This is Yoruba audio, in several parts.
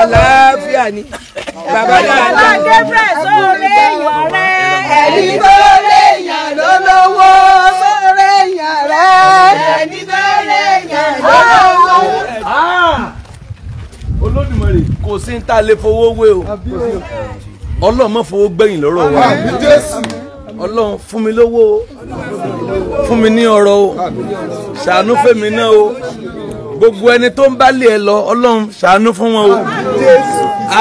àlàáfíà ni bàbá dáadáa. bàbá Gabriel sóore èèyàn rẹ. ẹni tó léèyàn ló lówó. sóore èèyàn rẹ. ẹni tó léèyàn ló ah! lówó. Ah! Olódùmarè kò sí ní tá a lè fowó wé o Ọlọ́run má fowó gbẹ̀yìn lọ́rọ̀ wa Ọlọ́run fún mi lówó o fún mi ní ọrọ̀ o ṣàánú fèmí náà o gbogbo ẹni tó ń bá ẹ lọ ọlọ́run ṣàánú fún wọn o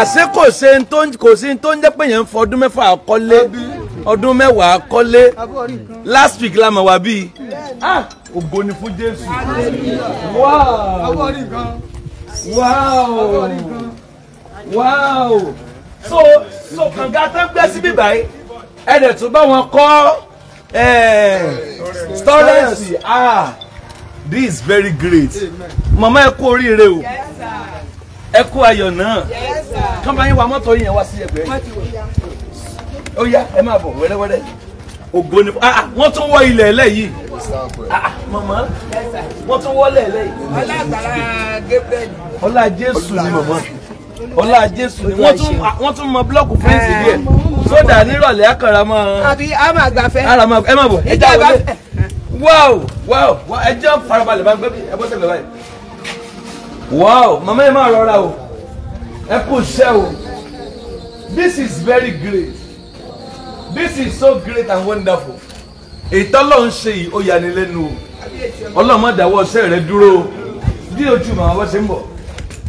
àṣé kò ṣe kò tó ń jẹ́ pé yẹn ń fọdún mẹ́fà kọ́lé ọdún mẹ́wàá kọ́lé last week la mọ̀ wá bíi ah, ògo ni fún Jésù wow wow so so kànga tó ń gbẹ́ síbí báyìí ẹ̀ẹ́dẹ̀ tó bá wọn kọ́ eh, storage ah this is very great mama. ẹ kú oríire o ẹ kú ayọ̀ náà kọ́ńtà yín wa mọ́tò yín yẹn wá sí ẹgbẹ́ ó yá ẹ máa bọ̀ wẹ́rẹ́wẹ́rẹ́ ògo ni ah, ah wọ́n tún wọ ilẹ̀ ẹlẹ́yìí ah, ah màmá wọ́n tún wọlé ẹlẹ́yìí. ọlá àgbàrá Gabriel. ọlá Jésù ni màmá ọlá jésù ni wọ́n tún mọ búlọ́ọ̀kù fẹ́ǹsì díẹ̀ eh, sódà nírọ̀lẹ́ àkàrà máa. àbí a fẹ́. ara ẹ máa bọ̀ ẹ já wọlé wow wow ẹ jẹ́ farabalẹ̀ bá gbé ẹ bọ́ sẹ́gbẹ̀ẹ́ báyìí wow mama yẹn máa rọra o ẹ kò ṣẹ́ o this is very great this is so great and wonderful ìtọ́lọ́ ń ṣe yìí ó yanilẹ́nu o ọlọ́mọ dàwọ́ ọṣẹ́ rẹ dúró o bí ojú màmá bá ṣe ń bọ̀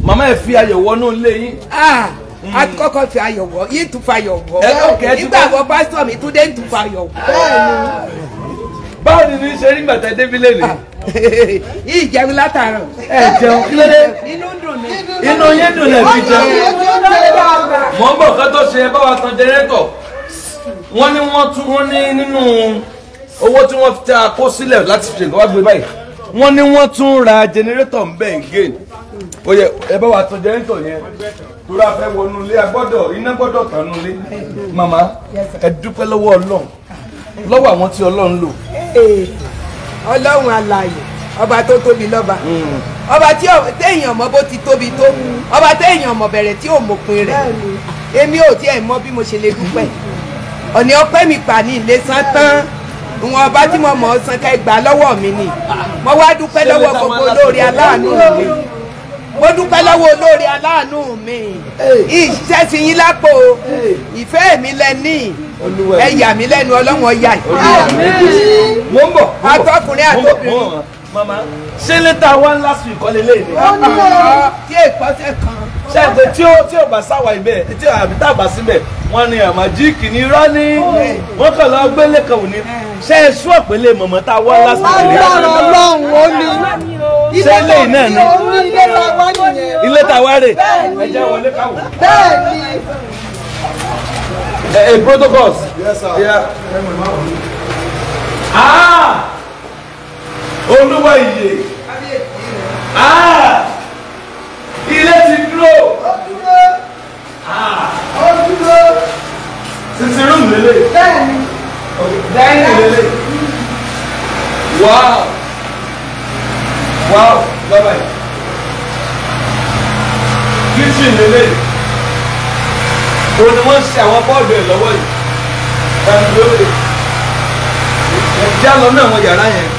màmá ẹ̀ fi ayọ̀ wọnú ilé yín. Ah, hmm. a ti kọ́kọ́ fi ayọ̀ wọ̀ yìí tún fa ayọ̀ wọ̀ nígbà wọ pásítọ̀ mi tún dé tún fa ayọ̀ wọ̀ báwo ni ní ṣe rí gbàtà débílẹ ni. yìí jẹun látàárọ̀. ẹ jẹun kí ló dé. inú dùn ni. inú yín dùn lẹ fi jẹun. mọ̀ ń bọ̀ ká tó ṣe báwa tan jẹnẹtọ̀ wọ́n ní wọ́n tún wọ́n ní nínú owó tí wọ́n fi ta kó sílẹ̀ láti fi ṣèǹkọ́ wá gbé báyìí wọ́n ní wọ́n tún ra jẹnẹrétọ̀ ń bẹ̀ ń gé oye ẹ bá wa tan jẹnẹrétọ̀ yẹn torí a fẹ́ wọnú ilé a gbọ́dọ̀ iná gbọ́dọ̀ tànú ilé màmá ẹ dúpẹ́ lọ́wọ́ Ọlọ́run lọ́wọ́ àwọn tí ọlọ́run lò. Eh, ọlọ́run alààyè ọba tó tóbi lọ́ba hmm. ọba tí téèyàn mọ bó ti tóbi tó ọba téèyàn mọ bẹ̀rẹ̀ tí ò mọ̀pin rẹ̀ èmi ò tiẹ̀ mọ bí mo ṣe lè dúpẹ́ ọ̀nì ọpẹ́ mi pà ní ilé san tán ìwọ̀n ọba tí mo mọ̀ ọ́ san ká ẹgbàá lọ́wọ́ mi ni mo wá dúpẹ́ lọ́wọ́ gbogbo olóore aláàánú mi mo dúpẹ́ lọ́wọ́ olóore aláàánú mi eh. ìṣẹ́sìn yín lápò eh. ìfẹ́ mi lẹ́ni ẹ yà mí lẹ́nu ọlọ́run ọ̀yà yìí. mo ń bọ̀ atọ́kùnrin àtọ́bìnrin. mama ṣé lẹ́tà one last week kọ́lé lé mi. ó ní ọ̀rọ̀ tí èkọ́sẹ̀ kan. ṣé àgbẹ̀ tí ó tí ò bá sáwà ibẹ̀ tí àbí tá a bá síbẹ̀ wọ́n ní àmàjíìkì ní rání wọ́n kàn lọ gbélé kan òní ṣé ẹ sún ọ̀pẹ̀lẹ̀ mọ̀mọ́ tá a wá last week. ọlọ́run ọlọ́run ó ní ṣé ilé yìí náà ni ilé tàwa rè ẹ jẹ́ wọlé káwọ́. bẹ́ẹ̀ ni a, eh, a eh, protocols. Yes, sir. Yeah. Ah! Olúwa iye. Ah! Ilé ti dúró. Ó dúró. Ah! Ó dúró. Sisi rúùmù lélẹ̀. Bẹ́ẹ̀ni. Dáínì lélẹ̀. Wow! Wow! Bye bye. Kitchen lélẹ̀ òun ni wọ́n ń ṣe àwọn bọ́ọ̀lù ẹ̀ lọ́wọ́ yìí ẹ̀ńdúródè ẹ̀já lọ ní àwọn yàrá yẹn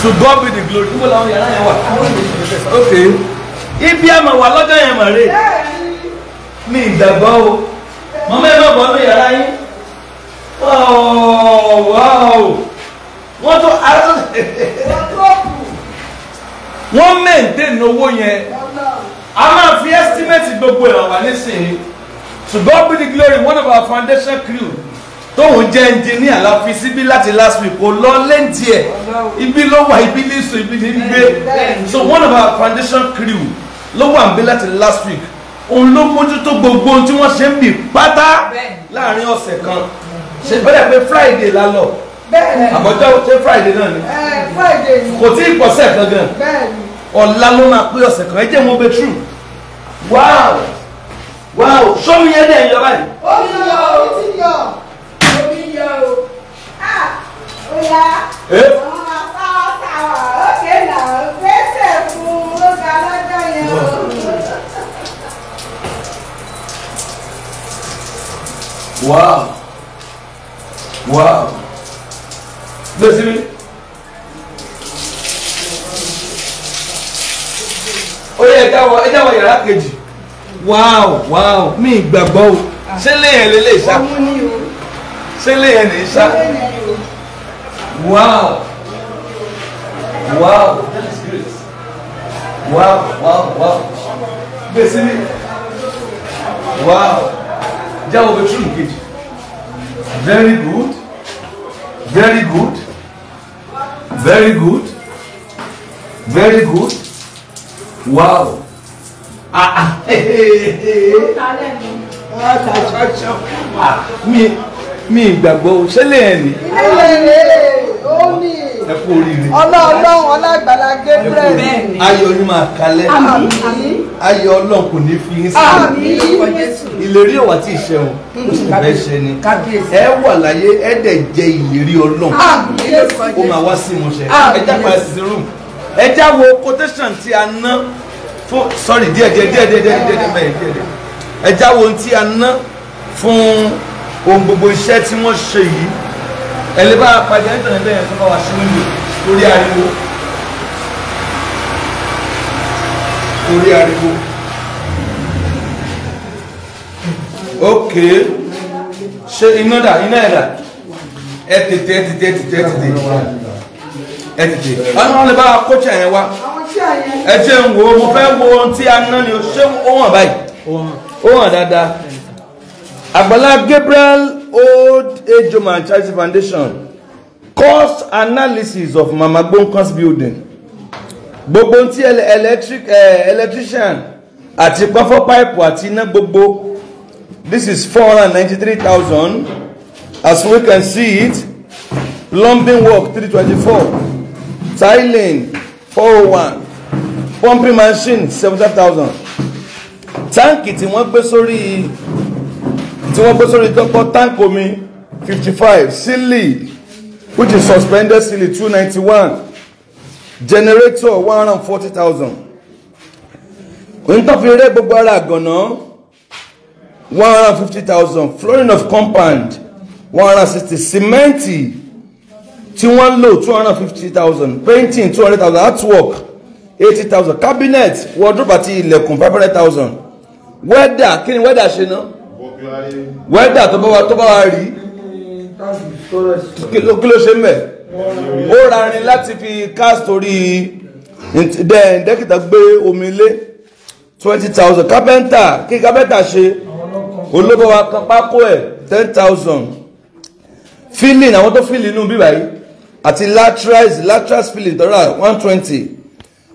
to God be the glory níbo làwọn yàrá yẹn wà ok ibi àmọ̀ wà lọ́jọ́ yẹn mà rè mi ìdàgbọ́ o mọ́mọ́ ẹ má bọ́ ní yàrá yín wọ́n tó arọ́ wọ́n mẹ́ǹtẹ́ náwó yẹn a máa fi ẹ́stímẹ́tì gbogbo ẹ̀ wà nísìnyí to God be the glory one of our foundation crew tóun jẹ́ ẹnjìníà la fi síbí láti last week kò lọ lẹ́ǹtì ẹ̀ ibi ló wà ibi ní sùn ibi ní gbé so one of our foundation crew ló wà ń gbé láti last week òun ló mójútó gbogbo ohun tí wọ́n ṣe ń bì pátá láàrin ọ̀sẹ̀ kan ṣe bẹ́ẹ̀ pé friday la lọ àbọ̀jọ́ ṣe friday náà ni kò tí ì pọ̀sẹ̀ kan gan ọ̀la ló máa pé ọ̀sẹ̀ kan ẹ jẹ́ mo be true wow wáwo sọmi yẹn dẹ̀ ń yọ báyìí. oh, yọ o ti yọ oh, yọ o ah oh, àwọn apá ọ̀tà wà ókè náà gbèsè oh, lóga lọ́jọ́ yẹn o. wáwo wáwo gbèsè mi. ó yẹ ẹ jáwọ́ ẹ jáwọ́ yàrá kejì wow wow mi gbàgbọ́ o ṣé léyìn lè lè sá ṣé léyìn lè sá wow wow that is great wow wow wow gbèsè mi wow jáwọ́ bẹ túnú kejì very good very good very good very good wow mi mi ìgbàgbọ́ ṣẹlẹ̀ ẹ̀ ni. ilé ìwé ó ní ọlọ́ọ̀lọ́hún ọlágbàlá Gabriel. ayọ̀ yín máa kalẹ̀ ayọ̀ ọlọ́run kò ní fi yín sílẹ̀ ìlérí ọ̀wà tí ìṣẹ̀wọ̀n ó sì fẹ́ ṣe ni ẹ wà láyé ẹ dẹ̀ jẹ ìlérí ọlọ́run ó máa wá sí ìmọ̀ṣẹ́ ẹ jápa ẹ sì sí rúùmù wo quotation tí a ná fún sorry díẹ̀ díẹ̀ díẹ̀ díẹ̀ díẹ̀ díẹ̀ díẹ̀ díẹ̀ díẹ̀ ẹ jáwọ́ ohun tí a ná fún ohun gbogbo iṣẹ́ tí wọ́n ṣe yìí ẹ lè bá apàdé ẹ̀ tàn bẹ́ẹ̀ tó bá wà sí wíńdò lórí ariwo lórí ariwo ok ṣe iná dà iná ẹ̀ dà ẹ tètè ẹ tètè ẹ tètè ẹ tètè ẹ tètè ọ̀nà lè bá kọ́ọ̀tì ẹ̀ wá ẹ ṣe ń wo mo fẹ́ wo ohun tí a ná ni o ṣé ó hàn báyìí ó hàn dáadáa Àgbàlá Gabriel Old Age Home and Charity Foundation cost analysis of Mama Gbonkan's building gbogbo ohun tí electric eh, electrician àti pọ́fọ́ pipe àti iná gbogbo this is four hundred and ninety-three thousand as we can see it plumbing work three twenty-four tiling four oh one pumping machine seventy five thousand táǹkì tí wọ́n gbé sórí tí wọ́n gbé sórí tọ́kọ́ táǹkì omi fifty five sílì which is suspended sílì two ninety one generator one hundred forty thousand onítọ́fin rẹ̀ gbogbo ara àgànná one hundred and fifty thousand flooring of compound one hundred and sixty cementi tí wọ́n lò two hundred and fifty thousand painting two hundred thousand artwork eighty thousand cabinet wardrobe àti ilẹ̀kùn five hundred thousand wẹ́dà kí ni wẹ́dà ṣe ná wẹ́dà tó bá wa tó bá wa rí kí ló ṣe mẹ́ ó rarin láti fi cast orí then dẹ́kítà gbé omi lé twenty thousand kápẹ́ntà kí kápẹ́ntà ṣe olóbọ̀ wa kan pákó ẹ̀ ten thousand filling àwọn tó filling inú bíbáyìí àti latrice latrice filling tọ́ra one twenty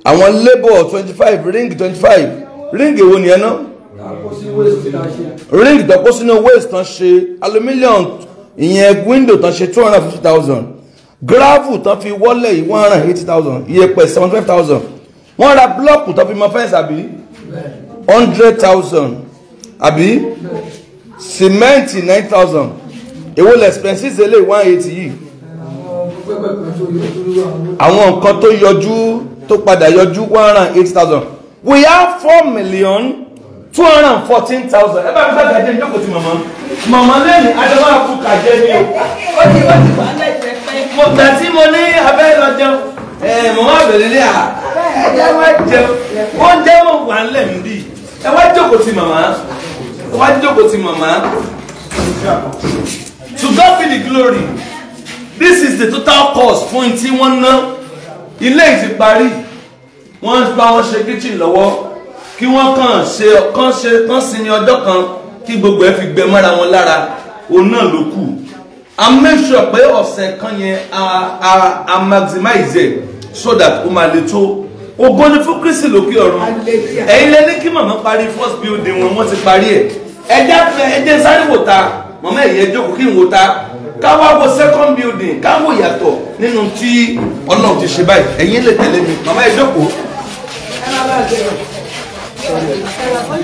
àwọn labour twenty five ring twenty five ring èwo nìyẹn náà ring tó kó sínú waste tán ṣe aluminium ìyẹn window tán ṣe two hundred and fifty thousand gravel tán fi wọ́lẹ̀ yìí one hundred and eighty thousand iyẹ̀pẹ̀ seventy five thousand wọ́n ra block tán fi mọ fẹ́ǹsì àbí hundred thousand àbí cement nine thousand èwo lẹ̀ expenses eléyìí one eighty yìí àwọn nǹkan tó yọjú tó padà yọjú one hundred and eight thousand we have four million two hundred and fourteen thousand ẹ bá mi sábà jẹ́ ìjókòó ti màmá màmá lẹ́yìn adama àkùkà jẹ́ mi o. ó ti ó ti wà lẹ́sẹ̀ pé. mo gbà tí mo ní abẹ́ lọ jẹun ẹ màmá àbẹ̀lẹ̀ lé à ẹ wá jẹun oúnjẹ mọ̀ wà lẹ̀ ń ẹ wá jókòó ti màmá ẹ wá jókòó ti màmá. to God be the glory this is the total cost fún ti wọ́n ná ilé yìí ti parí wọ́n bá wọn ṣe kitchen lọ́wọ́ kí wọ́n kàn ṣe kàn ṣe kàn sinmi ọjọ́ kan kí gbogbo ẹ fi gbẹ mọ́ra wọn lára òun náà ló kù a make sure pé ọ̀sẹ̀ kan yẹn a a a maximize it so that o máa le tó ògo ni fún Kristi lókè ọ̀run ẹ̀yin lẹ ní kí màmá parí first building wọn wọ́n ti parí ẹ̀ ẹ̀jẹ̀ ẹ̀jẹ̀ sáré wò ta màmá ẹ̀yẹ jókòó kí n wò ta ká wá wo second building ká wò yàtọ̀ nínú tí ọlọ́run ti ṣe báyìí ẹ̀yin lè tẹ̀lé mi màmá ẹ jókòó.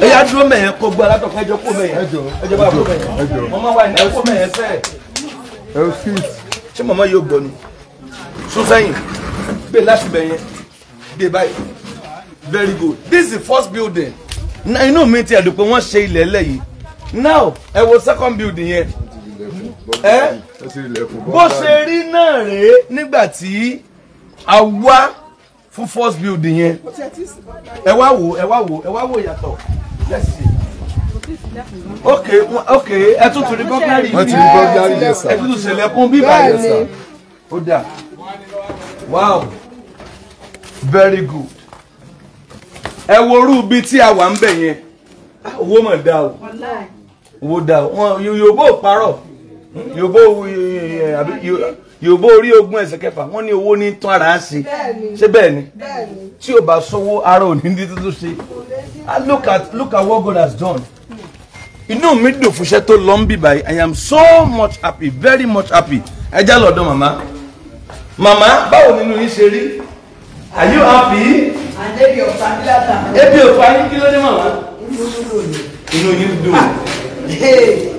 ẹ yá dúró mẹ́yẹn kó gbọ́ alátọ̀kọ́ ẹjọ́ kó mẹ́yẹn ẹjọ́ bá kó mẹ́yẹn màmá wa ẹ̀ kó mẹ́yẹn fẹ́. ṣé màmá yóò gbọ́ ni sún sẹ́yìn gbé láti bẹ̀yẹn dé báyìí very good this is the first building inú mi ti ẹ̀dùn pé wọ́n ṣe ilẹ̀ ẹlẹ́yìí now ẹ wo second building yẹn bó ṣe rí náà rèé nígbà tí a wá fún first build yẹn ẹ wá wò ẹ wá wò ẹ wá wò yàtọ̀ ok ok ẹ tún tún rí bọ́gárì yìí ẹ tún tún ṣẹlẹ̀kùn bí báyìí ó dà wow very good ẹ worú bíi tí a wà ń bẹ̀ yẹn ah, owó mà dá o owó dá o wọn parọ́ yòòbó eh, eh, eh, orí ogún ẹsẹ̀ kẹfà wọ́n ní owó ní tán ara ń ṣe ṣé bẹ́ẹ̀ ni tí o bá sọ́wọ́ ara òní ní tuntun ṣe ah, look at look at what God has done inú mi dùn fúnṣẹ́ tó lọ ń bì báyìí I am so much happy very much happy ẹ já lọ́dọ̀ màmá màmá báwo nínú yín ṣe rí are you happy ebi ò pa yín kí ló dé màmá inú yín dùn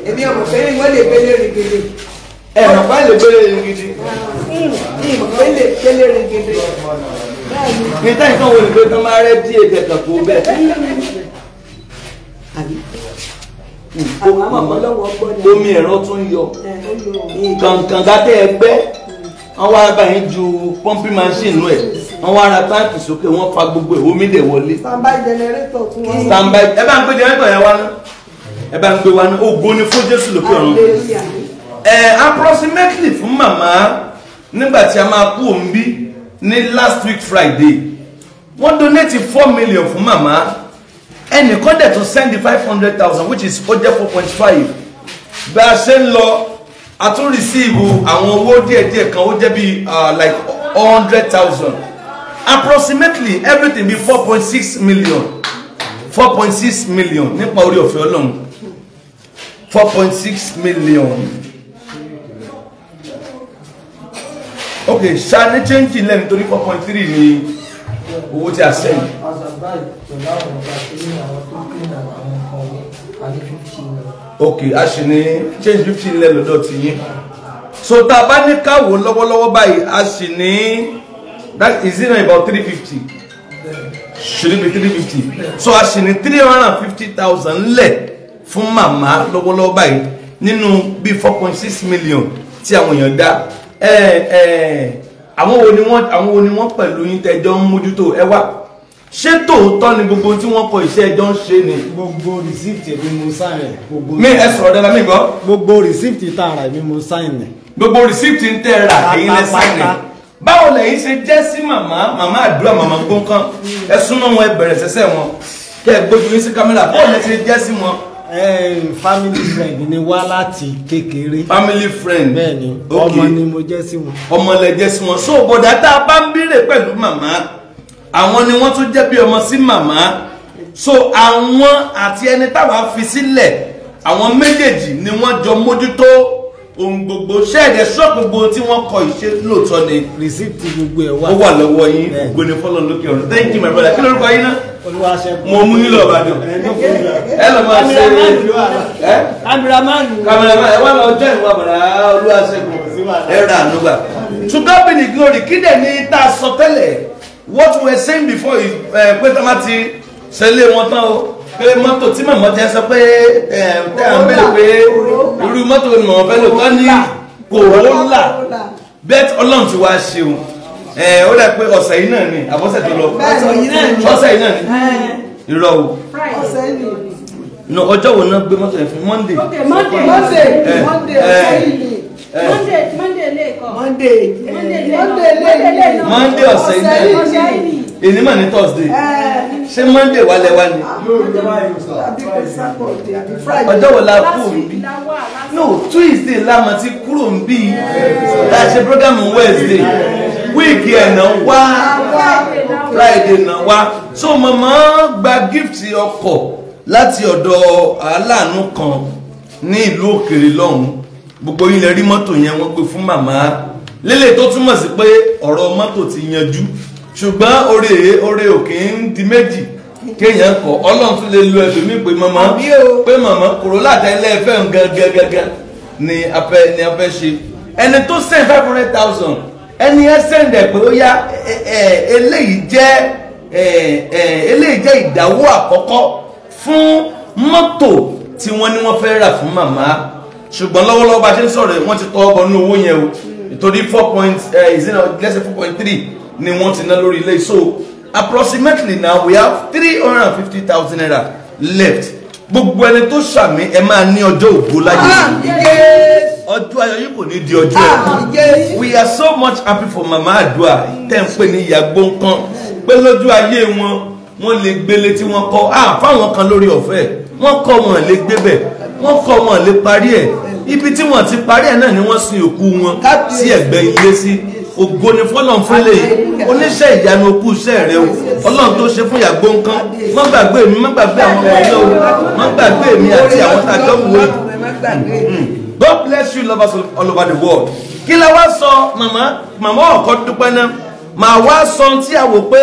èmi ọmọ pẹ́lẹ́ wọ́n lè gbélé rigidi. ẹ mọ̀ pé lè gbélé rigidi. ìmọ̀ lè gbélé rigidi. ní táyì kan wo ni pé tán máa rẹ́ bí èdè kan tó bẹ́ẹ̀. omi ẹ̀rọ tún yọ kankan gátẹ́ ẹgbẹ́ wọ́n wá bá yín ju pọ́ńpì machine nù ẹ̀ wọ́n wá ra táǹkì sókè wọ́n fa gbogbo ẹ̀ omi dẹ̀ wọlé. standby generator tún wọ́n. standby ẹ bá ń gbé generator yẹn wá náà ẹ bá ń gbé wa ní ògo ni fún jésù lókè ọ̀run ẹ approximately fún màmá nígbà tí a máa kú òun bí ní last week friday wọ́n donate four million fún màmá ẹnìkan dẹ̀ tó send the five hundred thousand which is ó jẹ́ four point five bí a ṣe ń lọ a tún receive àwọn owó díẹ̀díẹ̀ kan ó jẹ́ bíi uh, like hundred thousand approximately everything be four point six million four point six million nípa orí ọ̀fẹ́ ọlọ́run 4.6 million. ok ṣá ní change lẹ́nu torí 4.3 point three ni owó tí a ok a sì ní change fifteen lẹ́nu lọ́dọ̀ tí yín so tá a bá ní káwọ́ lọ́wọ́lọ́wọ́ báyìí a sì ní that is it. about three fifty should it be three fifty so a sì ní three hundred and fifty thousand lẹ́ẹ̀ fún màmá lọ́wọ́lọ́wọ́ báyìí nínú bíi four point six million tí àwọn èèyàn dá àwọn wo ni wọ́n àwọn wo ni wọ́n pẹ̀lú yín tẹ́jọ́ ń mójútó ẹ wá ṣé tòótọ́ ni gbogbo tí wọ́n kọ iṣẹ́ ẹjọ́ ń ṣe ni. gbogbo receipt mi mo sign ẹ̀. mi ẹ sọ̀rọ̀ dáadáa mi gbọ́. gbogbo receipt tá a rà mi mo sign ẹ̀. gbogbo receipt ń tẹ́ ra èyí lẹ́ sign ẹ̀ báwo lẹ́yìn ṣe jẹ́ sí màmá màmá àdúrà màmá gbọ́n kan ẹ súnmọ́ wọn ẹ bẹ̀rẹ̀ sẹ́sẹ́ wọn kẹ́ ẹ gbójú yín sí kámẹ́rà báwo lẹ́ ṣe jẹ́ sí wọn Eh, family friend ni wá láti kékeré. family friend bẹ́ẹ̀ni ọmọ ni mo jẹ́ sí wọn. ọmọ lẹ jẹ́ sí wọn so bọ̀dá tá a bá ń bèrè pẹ̀lú màmá àwọn ni wọ́n tún jẹ́ bí ọmọ sí màmá so àwọn àti ẹni táwa fi sílẹ̀ àwọn méjèèjì ni wọ́n jọ mójútó ohun gbogbo ṣẹ́ẹ̀dẹ̀ ṣọ́ gbogbo tí wọ́n kọ ìṣe lóòótọ́ ni. rìsíìtì gbogbo ẹ̀ wà. ó wà lọ́wọ́ yín gbogbo ni fọlọ́ lókè ọ̀run thank you my brother kí lórúkọ yín náà. Olúwaṣẹ́gun. mo mú yín lọ Ìbàdàn. ẹ lọ máa ṣe é. amiramanu. amiramanu ẹ wá lọ jọ ìwà bàrà Olúwaṣẹ́gun ẹ rà ànúgbà. to God be the glory kí dẹ̀ ni tá a sọ tẹ́lẹ̀ what we were saying before pé tá a máa ti ṣẹlẹ̀ wọn tán o pé mọ́tò tí màmá jẹ́ sọ pé ẹ̀ ń bẹ̀rẹ̀ pé irú mọ́tò ni mọ̀ fẹ́ lò tán ní Corolla bẹ́ẹ̀ ọlọ́run ti wá ṣeun ẹ̀ ó dà pé ọ̀sẹ̀ yìí náà ni àbọ̀sẹ̀ tó lọ ọ̀sẹ̀ yìí náà ni irọ́ o no ọjọ́ wo náà gbé mọ́tò yẹn fún Monday Monday Monday Monday ọ̀sẹ̀ yìí ni Monday Monday lè ọ̀sẹ̀ yìí ni èyí ni mà ṣé monday wà lẹ́wà ni. ọjọ́ wo la kú òbí no tuesday lámọ ti kúrò ń bí la ṣe program wednesday wíìkì ẹ̀ náà wá friday náà wá so mọ̀mọ́ gba gift ọkọ̀ láti ọ̀dọ̀ aláàánú kan ní ìlú òkèrè lọ́hùn gbogbo ilẹ̀ rí mọ́tò yẹn wọ́n gbé fún màmá lélẹ̀ tó túmọ̀ sí pé ọ̀rọ̀ mọ́tò ti yanjú ṣùgbọ́n oore oore ò kì í di méjì kéèyàn kọ ọlọ́run tún lè lo ẹlòmíì pé màmá pé màmá Corolla tẹ́lẹ̀ fẹ́ gangan ni a fẹ́ ni a fẹ́ ṣe ẹni tó send five hundred thousand ẹni ẹ send ẹ pé ó yá eléyìí jẹ́ eléyìí jẹ́ ìdáwó àkọ́kọ́ fún mọ́tò tí wọ́n ní wọ́n fẹ́ rà fún màmá ṣùgbọ́n lọ́wọ́lọ́wọ́ bá ṣe ń sọ̀rọ̀ wọ́n ti tọ́ ọgbọ̀n ní owó yẹn o ìtòrí four point ẹ̀ ìsìn náà lẹ́sẹ̀ four point three ni wọ́n ti ná lórí ilé so approximately now we have three hundred and fifty thousand naira left gbogbo ẹni tó ṣàmì ẹ máa ní ọjọ́ ògbó láyé ah, ọjọ́ ayọ̀ yìí kò ní di ọjọ́ ẹ̀ ah, we are so much happy for mama adua tẹ́ ń pè ní ìyàgbó nǹkan pé lójú ayé wọn wọ́n lè gbélé tí wọ́n kọ́ ah fáwọn kan lórí ọ̀fẹ́ wọ́n kọ́ wọn lè gbébẹ̀ wọ́n kọ́ wọn lè parí ẹ̀ ibi tí wọ́n ti parí ẹ̀ náà ni wọ́n sin òkú wọn sí ẹ̀gbẹ́ ilé sí ògo ni fọlọ́n fún lè oníṣẹ́ ìyanu okú iṣẹ́ rẹ o ọlọ́run tó ṣe fún ìyàgbó nǹkan má gbàgbé mi má gbàgbé àwọn ọmọ ilé o má gbàgbé mi àti àwọn tàjọ́ wo God bless you lovers all over the world kí la wá sọ màmá màmá ọ̀kọ́ dúpẹ́ náà màá wá sọ tí a wò pé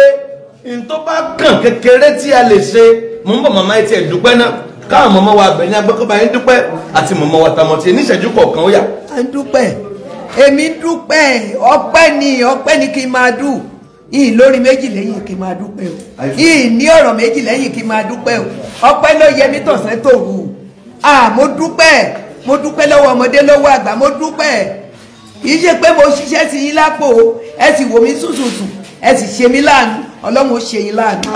n tó bá kàn kékeré tí a lè ṣe mò ń bọ̀ màmá etí ẹ̀ dúpẹ́ náà táwọn mọ̀mọ́ wa bẹ̀ ní agbẹ́kọ̀ọ́bá yín dúpẹ́ àti mọ̀mọ́ wa tàmọ̀ tí níṣẹ́jú kọ̀ọ̀kan ó yà. à ń dúpẹ́ èmi ń dúpẹ́ ọpẹ́ ni ọpẹ́ ni kí n máa dùn yìí lórí méjì lẹ́yìn kí n máa dúpẹ́ o yìí ní ọ̀rọ̀ méjì lẹ́yìn kí n máa dúpẹ́ o ọpẹ́ ló yẹ mí tọ̀sán tòru à mo dúpẹ́ mo dúpẹ́ lọ́wọ́ ọmọdé lọ́wọ́ àgbà mo dúpẹ́ kìí ṣe pé mo ṣiṣẹ́ sí yín lápò ẹ sì wò mí sùsùsù ẹ sì ṣe mí láàánú ọlọ́run ó ṣe yín láàánú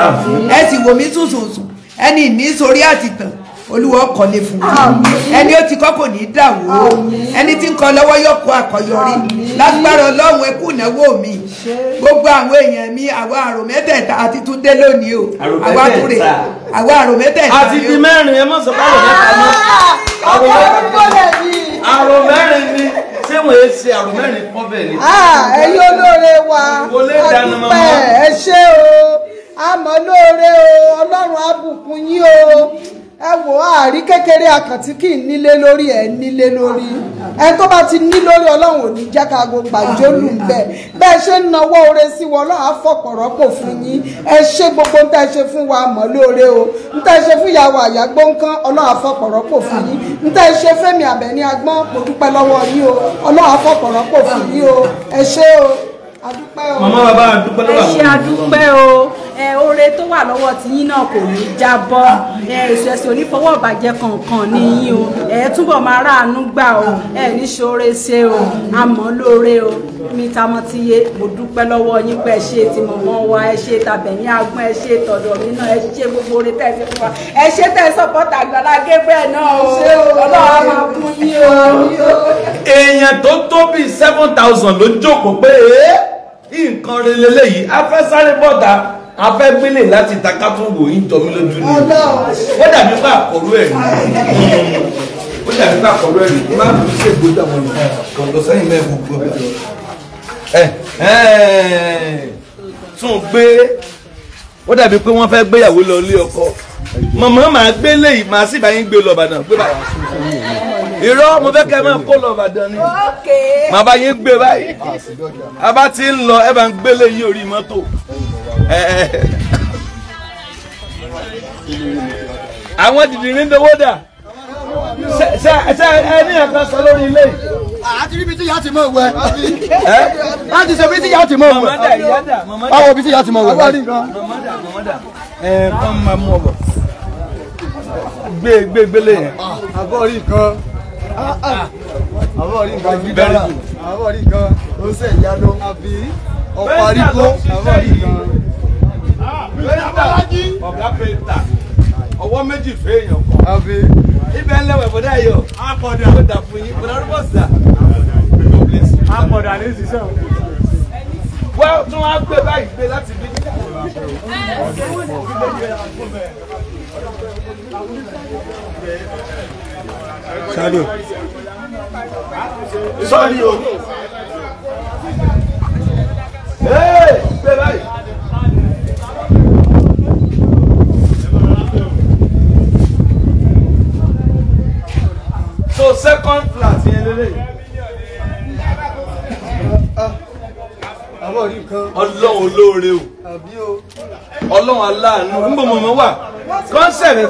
ẹ sì wò mí sùsùsù ẹni ní sórí àtìtàn olúwa ọkọlé fún un ẹni ó ti kọ́ kò ní í dàwó ẹni tí ń kọ lọ́wọ́ yóò àkọyọrí lágbára ọlọ́run ẹ kú ìnáwó mi gbogbo àwọn èèyàn mi àwa àrò mẹ́tẹ̀ẹ̀ta àti túndé lónìí o àwa àtúrè àwa àrò mẹ́tẹ̀ẹ̀ta ni àti di mẹ́rin ẹ mọ̀ sọ́kọ́ àrò mẹ́ta mọ́ ah! àrò mẹ́ta àrò mẹ́rin ni ṣé wọ́n yé ṣe àrò mẹ́rin kọ́ bẹ́ẹ̀ ni. Ah, ẹ̀yin olóore wa àdúpẹ́ ẹ ṣé o àmọ́ o ọlọ́run á bùkún yín o ẹ wò àárí kékeré àkàntí kì í nílé lórí ẹ nílé lórí ẹ tó bá ti ní lórí ọlọ́run ò ní jákàgo pàjólù bẹ́ẹ̀ bẹ́ẹ̀ ṣe ń nawọ́ oore sí wọn ọlọ́run á fọ̀pọ̀ fún yín ẹ ṣe gbogbo ń tẹ́ ṣe fún wa mọ̀ lóore o ń tẹ́ ṣe fún ìyàwó àyàgbó nǹkan ọlọ́run á fọ̀pọ̀ fún yín ń tẹ́ ṣe fẹ́mi àbẹ̀ní agbọ́n mo dúpẹ́ lọ́wọ́ yín o ọlọ́run á fọ̀pọ̀ fún yín o ẹ ṣe o oore tó wà lọ́wọ́ tiyín náà kò ní jábọ́ èso ẹ̀sìn onífọwọ́ ìbàjẹ́ kankan ní yín o ẹ túbọ̀ máa ráàánú gbà o ẹ ní ṣoore ṣe o àmọ́ lóore o mi ta mọ́ ti yé mo dúpẹ́ lọ́wọ́ yín pé ẹ ṣe ti mọ̀mọ́ wa ẹ ṣe tàbẹ̀yìn agbọ́n ẹ ṣe tọ̀dọ̀ mi náà ẹ ṣe gbogbo oore tẹ́ ẹ ti fún wa ẹ ṣe tẹ́ ẹ sọ́pọ́tà Àgbàlá Gabriel náà o ọlọ́run máa fún yín o. èèyàn tó tó bíi seven thousand ló jókòó pé nǹkan rẹ̀ lélẹ́yìí afẹ́sáré bọ̀dà afẹ́gbélé láti takátúwò yín jọ mí lójú ni ó dàbí pé àkọ́rú ẹ̀ ni ó dàbí pé àkọ́rú ẹ̀ ni má fi ṣe gbódà wọn ni kọ̀ǹdọ̀ sẹ́yìn mẹ́rin gbogbo ẹ̀ ẹ̀ tún gbé ó dàbí pé wọ́n fẹ́ gbéyàwó lọ ilé ọkọ mọ̀mọ́ máa gbé léyìí máa sì bá yín gbé lọ Ìbàdàn gbé báyìí irọ́ mo fẹ́ kẹ́ máa kó lọ Ìbàdàn ni màá bá yín gbé báyìí a bá ti ń lọ ẹ bá ń gbé léyìí orí mọ́tò àwọn dìdìrín dowó dà ẹni ẹ̀ka sọ lórí ilé yìí. àti rí bí tí yàtì mọ̀ wẹ̀. láti sọ bí tí yàtì mọ̀ wẹ̀. báwo bí tí yàtì mọ̀ wẹ̀. ẹ kọ́ máa mú ọ bọ̀ gbé gbé gbélé yẹn. àbọ̀rí kan àbọ̀rí kan gbígbára àbọ̀rí kan ó sẹ̀ yánú àbí ọ̀pọ̀ àríkó àbọ̀rí kan. ọ̀gá pẹ̀lú ọwọ́ méjì fẹ́ẹ̀yàn kan. ibẹ̀ ń lẹ́wẹ̀ bọ́dá yìí o. akọ̀dà ó dà fún yín bọ́dá rúbọ̀ sà. akọ̀dà ní sísọ. wọ́n tún wá gbé báyìí gbé láti bí. Sadio. Sadio. sọ́ọ̀lì o ee so second flat yẹn lélẹ́yìn. àwọn òrí kan. ọlọ́run olóore o ọlọ́run aláàánú ń bọ̀ mọ̀mọ́ wà kọ́nsẹ̀rẹ̀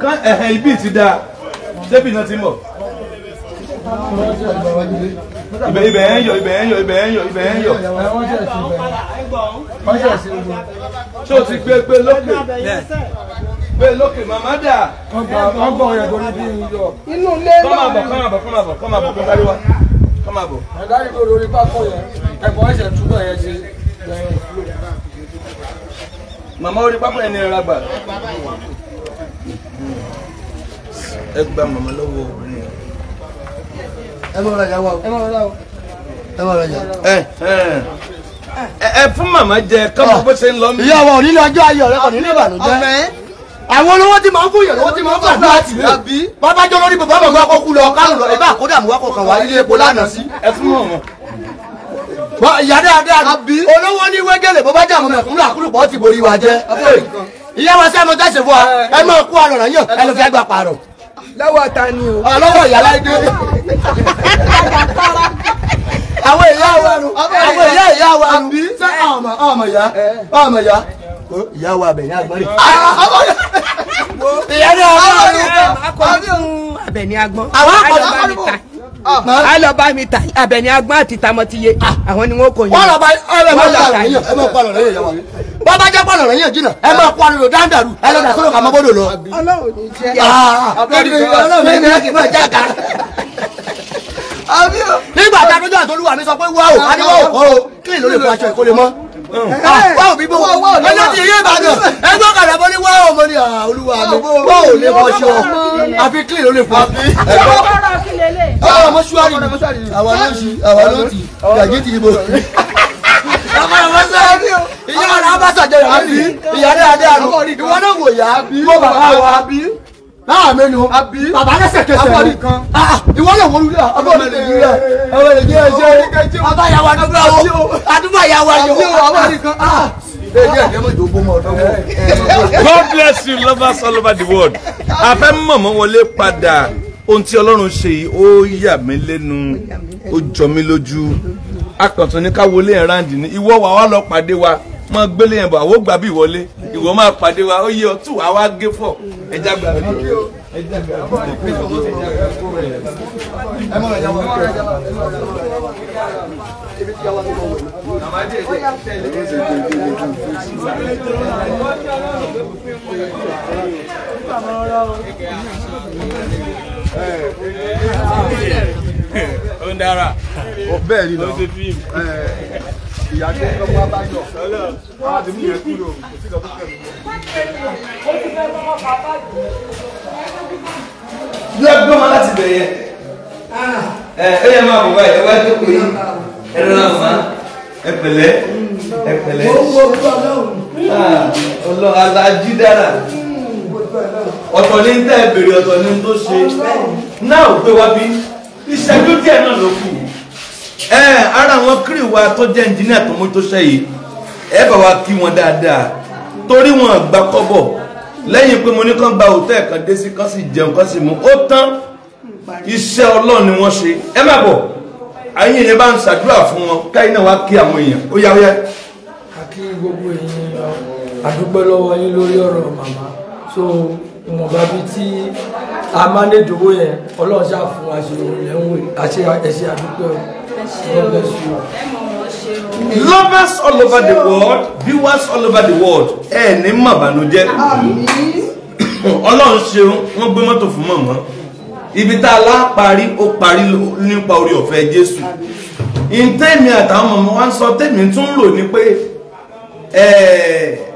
kán ẹ̀hẹ̀ ibi ti dáa débi náà ti mọ̀. ibẹ̀ ibẹ̀ ẹ̀ ń yọ ibẹ̀ ẹ̀ ń yọ ibẹ̀ ẹ̀ ń yọ ibẹ̀ ẹ̀ ń yọ. ṣé o ti gbé gbé lókè gbé lókè màmá dà. wọ́n gbọ́ ọ̀rẹ́ gbọ́dọ̀ bí yọ. inú ilé náà. kọ́mà bọ̀ kọ́mà bọ̀ kọ́mà bọ̀ kọ́mà bọ̀ kọ́mà bọ̀ kọ́mà bọ̀. ẹ̀dá ìgò lórí pákó yẹn ẹ̀bọ̀ ẹ̀ṣẹ̀ túbọ̀ yẹn ti màmá orí pápá ẹni rárá gbà ẹ gba màmá lọ́wọ́ obìnrin ẹ má rajà wá o ẹ má rajà o ẹ má rajà. ẹ fún màmá jẹ kọ́mọ bó ṣe ń lọ mí. ìyá wa ò nílò ọjọ́ ayé ọ̀rẹ́ kò nílò ìbànújẹ́ àwọn olówó tí màá fún yẹn lówó tí màá fún àdúrà tì mí bàbá jọ lórí bàbá bàbá kó kú lọ kárùn lọ ìbá àkódà mú wá kọkàn wá ilé epo lánàá sí. ẹ fún mọ̀ wọn wọ́n ìyá àbí olówó ní wégele bó bá jẹ́ àwọn mẹ̀kún làkúrò pọ̀ ti borí wa jẹ́ ìyá wa sẹ́mu tẹ̀sí fún wa ẹ máa kú àrọ̀rọ̀ yàn ẹ ló fẹ́ gbà pààrọ̀ lọ́wọ́ ta ni o. ọlọ́wọ́ ah, ìyálà dé. àwọn ìyá wa nu àwọn ìyá ìyá wa nu. ṣé ọmọ ọmọ ìyá ọmọ ìyá ìyá wa Àbẹ̀ní Àgbọ̀n rè. Ah, ìyá ni ọmọ rẹ. àbí òun Àbẹ̀ní Àgbọ̀n. àwọn àkọ́kọ́ a ah. lọ bá mi ta abẹni agbọn àti tamọtiye ah. àwọn ni wọn kò yẹ. wọn lọ bá ẹ máa pa ọ̀rọ̀ yẹn ẹ máa pa ọ̀rọ̀ yẹn yẹn wa bọ́ bá jẹ́ pọ̀lọ̀ rẹ̀ yẹn jìnnà ẹ máa pa ọ̀rọ̀ dáńdàrú ẹ lọ́dà kúrò kà mọ́ bọ́dọ̀ lọ. ọlọ́run ah, ní jẹ́ ọlọ́run ní jẹ́ kí n máa já ga nígbà tá a dójú àtolúwa mi sọ pé wá o a ní wá o kọ́ o kí ló lè fọ aṣọ ìkólé mọ́. Eh. wá o bí bó ọjọ́ ti yé ìbàdàn ẹgbẹ́ ọ̀kadà bọ́ ní wá o mo ní olúwa mi wá o lè fọ aṣọ àfi kí ló lè fọ. ẹgbẹ́ ọ̀kadà kí lè lè àwọn ah, ah, mọ́ṣúárì ni àwọn lóṣì àwọn lóṣì gàgé ti ibo. àwọn mọ́ṣúárì ìyá rẹ̀ abáṣàjọ yà bí ìyá adé àrò ìwọ náà wò yá mọ bàbá wa náà mẹ́nu bàbá lẹ́sẹ̀kẹsẹ̀ ni ah, ìwọ náà wọlé ọmọ rẹ̀ lè yíra ọmọ rẹ̀ jẹ́ ẹ̀ṣẹ́ bàbá yà wà nígbà wo àdúgbò yà wà ọmọ rẹ̀ kan. God bless you lovers all over the world. A fẹ́ mọ̀mọ́ wọlé padà ohun tí ọlọ́run ṣe yìí ó yà mí lẹ́nu ó jọ mí lójú akọ̀tún ní ká wọlé yẹn ráǹdì ní ìwọ wà wá lọ pàdé wa máa gbélé yẹn bọ̀ àwọn ògbà bí ìwọlé ìwọ máa pàdé wa ó yẹ ọ tù wá wá gé fọ ẹja gbà mí. Thank you. tó ń dára. bẹ́ẹ̀ ni náà ìyá tó ń lọ́pọ̀ abájọ àwọn mú yẹn kúrò kò sí lọ́pọ̀ kẹ́mi. bí ọgbọ́n máa láti bẹ̀rẹ̀ ah. ẹ yẹ máa bọ̀ báyìí ẹ wá jókòó yìí ẹ lọ́la mọ́ ẹ pẹ̀lẹ́ ẹ pẹ̀lẹ́. mo ń wo ojú ọlọ́run. Ah, ọlọ́run alájú dára hmm, ọ̀tọ̀ ní ń tẹ́ bèrè ọ̀tọ̀ ní ń tó ṣe náà ò pé wá bí ìṣẹ́jú díẹ̀ náà ló kù. ẹ ara àwọn kiri wa tó jẹ́ ẹnjìníà tó mójútó sẹ́yìí ẹ bá wa kí wọn dáadáa torí wọn gba kọ́bọ̀ lẹ́yìn pé mo ní kán gba hòtẹ́ẹ̀ kan dé sí kán sì jẹun kán sì mú ó tán iṣẹ́ ọlọ́run ni wọ́n ṣe ẹ má bọ̀ ayé yẹn bá ń ṣàdúrà fún wọn káyìn náà wá kí àwọn èèyàn ó yá ó yá. a kí gbogbo èèyàn a lọ́wọ́ yín lórí ọ̀rọ̀ màmá so ìwọ̀nba bíi tí a máa ń dòwó yẹn ọlọ́run ṣáà fún wa lẹ́hìn àṣẹ ẹ̀ṣẹ̀ àdúgbò lovers all over the world viewers all over the world ẹ ní màbànújẹ́ ọlọ́run ṣeun wọ́n gbé mọ́tò fún mọ̀mọ́ ibi tá a lá parí ó parí nípa orí ọ̀fẹ́ jésù ìtẹ́mi àtàwọn mọ̀mọ́ wa ń sọ tẹ́mi tún ń lò ní pé ẹ̀ẹ́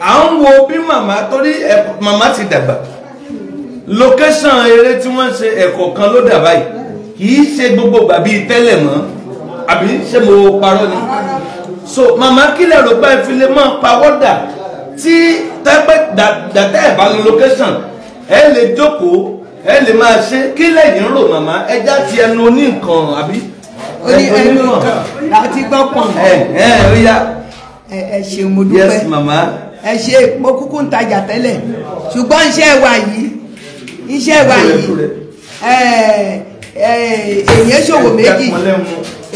à ń wo bí màmá torí màmá ti dàgbà location eré tí wọ́n ṣe ẹ̀kọ́ kan ló dà báyìí kì í ṣe gbogbo ìgbà bíi tẹ́lẹ̀ àbí ṣé mo parọ́ ni so màmá kílẹ̀ rò pé fi lè máa pawọ́ dà tí tẹ́pẹ́ dàtẹ́ ẹ̀ bá ní location ẹ lè jókòó ẹ lè máa ṣe kílẹ̀ yìí ń rò màmá ẹja ti ẹnu oní nǹkan àbí orí ẹnu ọ̀gá láti gbọ́ pọ̀. ẹ ẹ ó yá. ẹ ẹ ṣeun mo dúpẹ́. yes mama ẹ ṣe mo kúkú ń tajà tẹ́lẹ̀ ṣùgbọ́n iṣẹ́ wa yìí iṣẹ́ wa yìí èyàn ṣòwò méjì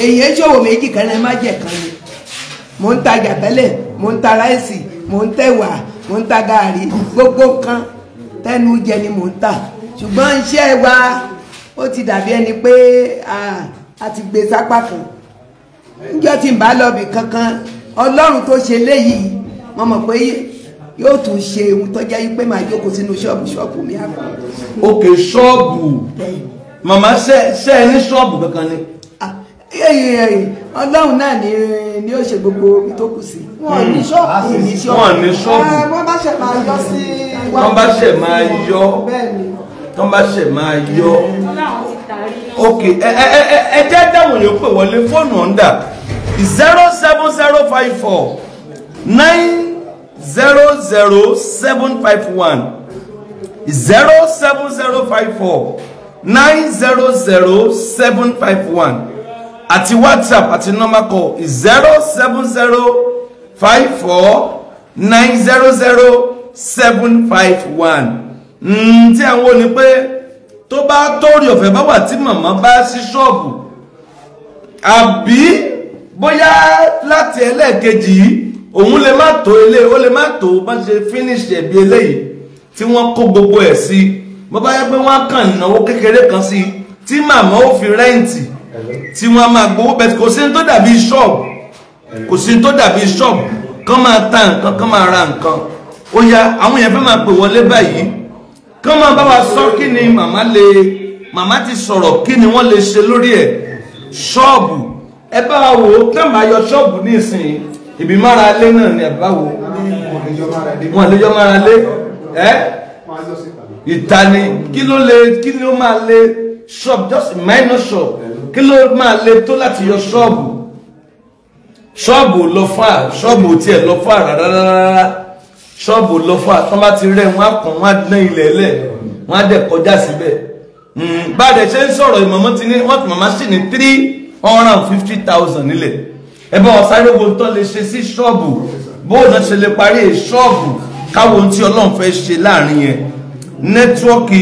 èyàn ṣòwò méjì kan lè má jẹ kan ni mo ń tajà tẹ́lẹ̀ mo ń ta ráìsì mo ń tẹ̀wà mo ń ta gààrí gbogbo nǹkan tẹ́nu jẹ ni mo ń tà ṣùgbọ́n iṣẹ́ wa ó ti dàbí ẹni pé a ti gbé sápá kan níjọ́ tí n bá lọ bì kankan ọlọ́run tó ṣe léyìí mo mọ̀ pé yóò tún ṣe ohun tó jẹ́ pé màá jókòó sínú ṣọ́ọ̀bù ṣọ́ọ̀bù mi àgbà. òkè ṣọ́ọ̀bù màmá ṣe é ní ṣọ́ọ̀bù kankan ni. ọlọ́run náà ni ni ó ṣe gbogbo omi tó kù sí. wọ́n ní hmm, ṣọ́ọ̀bù ní ṣọ́ọ̀bù wọ́n bá ṣẹ̀ máa yọ sí. wọ́n bá ṣẹ̀ máa yọ wọ́n bá ṣẹ̀ máa yọ. òkè ẹ ẹ ẹ ẹ jẹ́ dáhùn yòókù wọlé fóònù ọ̀ndà zero seven zero five four nine zero zero seven five one zero seven zero five four nine zero zero seven five one àti whatsapp àti number call zero seven zero five four nine zero zero seven five one hmm, tí àwọn ò ní pé tó bá tóri ọ̀fẹ́ bá wà tí màmá bá sí ṣọ́ọ̀bù àbí bóyá láti ẹlẹ́ẹ̀kejì yìí òun lè má tó ilé ó lè má tó bá ṣe finish ẹ̀bí eléyìí tí wọ́n kó gbogbo ẹ̀ sí bó bá yẹ pé wọ́n kàn náwó kékeré kan sí tí màmá ó fi rẹ́ǹtì tí wọ́n máa gbowó bẹ́ẹ̀ kò sí ní tó dàbí ṣọ́ọ̀bù kò sí ní tó dàbí ṣọ́ọ̀bù kán máa ta nǹkan kán máa ra nǹkan ó ya àwọn yẹn fẹ́ máa pè wọlé báyìí kán máa bá wa sọ kí ni màmá lè màmá ti sọ̀rọ̀ kí ni wọ́n lè ṣe lórí ẹ̀ ṣọ́ọ̀bù ẹ bá wa wò ó tẹ́ màá yọ ṣọ́ọ̀bù ní ìsìn ìbí mára lé náà ni àbí báwo wọn lè jọ mára lé ẹ ìta kí ló lè kí ló máa lè shop just minor shop kí ló máa lè tó láti yọ ṣọ́ọ̀bù ṣọ́ọ̀bù lọ fà ṣọ́ọ̀bù tiẹ̀ lọ fà rárá rárá ṣọ́ọ̀bù lọ fà tán bá ti rẹ̀ wọ́n á kàn wọ́n á ná ilẹ̀ lẹ̀ wọ́n á dẹ̀ kọjá síbẹ̀ hmm, bá ṣe ń sọ̀rọ̀ ìmọ̀mọ́ ti ní wọ́n ti mọ̀mọ́ sí ní three hundred and fifty thousand nílẹ̀ ẹ bá wọn sáré wo tán lè ṣe sí ṣọ́ọ̀bù bóòdà ṣe lè parí ṣọ́ọ̀bù káwọn ohun tí ọlọ́run fẹ́ ṣe láàrin yẹn nẹ́tíwọ́ọ̀kì